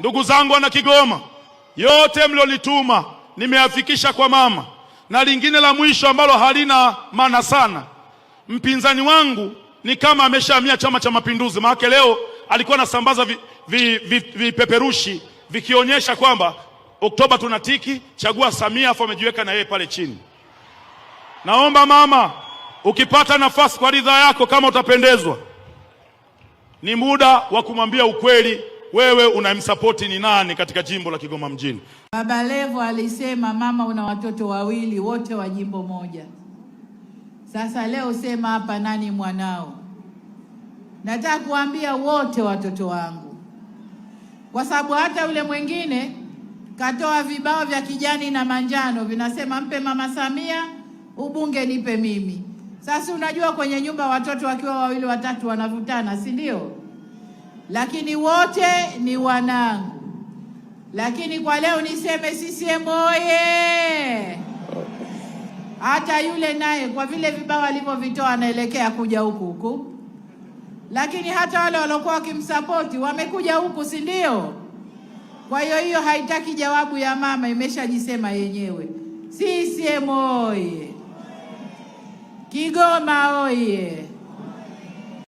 Ndugu zangu wana Kigoma, yote mlionituma nimeafikisha kwa mama, na lingine la mwisho ambalo halina maana sana, mpinzani wangu ni kama ameshahamia Chama cha Mapinduzi, maana leo alikuwa anasambaza vipeperushi vi, vi, vi vikionyesha kwamba Oktoba tunatiki, chagua Samia, afu amejiweka na yeye pale chini. Naomba mama, ukipata nafasi, kwa ridhaa yako, kama utapendezwa, ni muda wa kumwambia ukweli wewe unamsapoti ni nani katika jimbo la Kigoma mjini? Baba Levo alisema mama, una watoto wawili wote wa jimbo moja. Sasa leo sema hapa nani mwanao? Nataka kuambia wote watoto wangu, kwa sababu hata yule mwingine katoa vibao vya kijani na manjano vinasema mpe mama Samia ubunge nipe mimi. Sasa unajua kwenye nyumba watoto wakiwa wawili watatu wanavutana, si ndio? lakini wote ni wanangu. Lakini kwa leo niseme CCM oye! Hata yule naye kwa vile vibao alivyovitoa anaelekea kuja huku huku, lakini hata wale waliokuwa wakimsapoti wamekuja huku, si ndio? Kwa hiyo hiyo haitaki jawabu ya mama, imeshajisema yenyewe. CCM oye! Kigoma oye!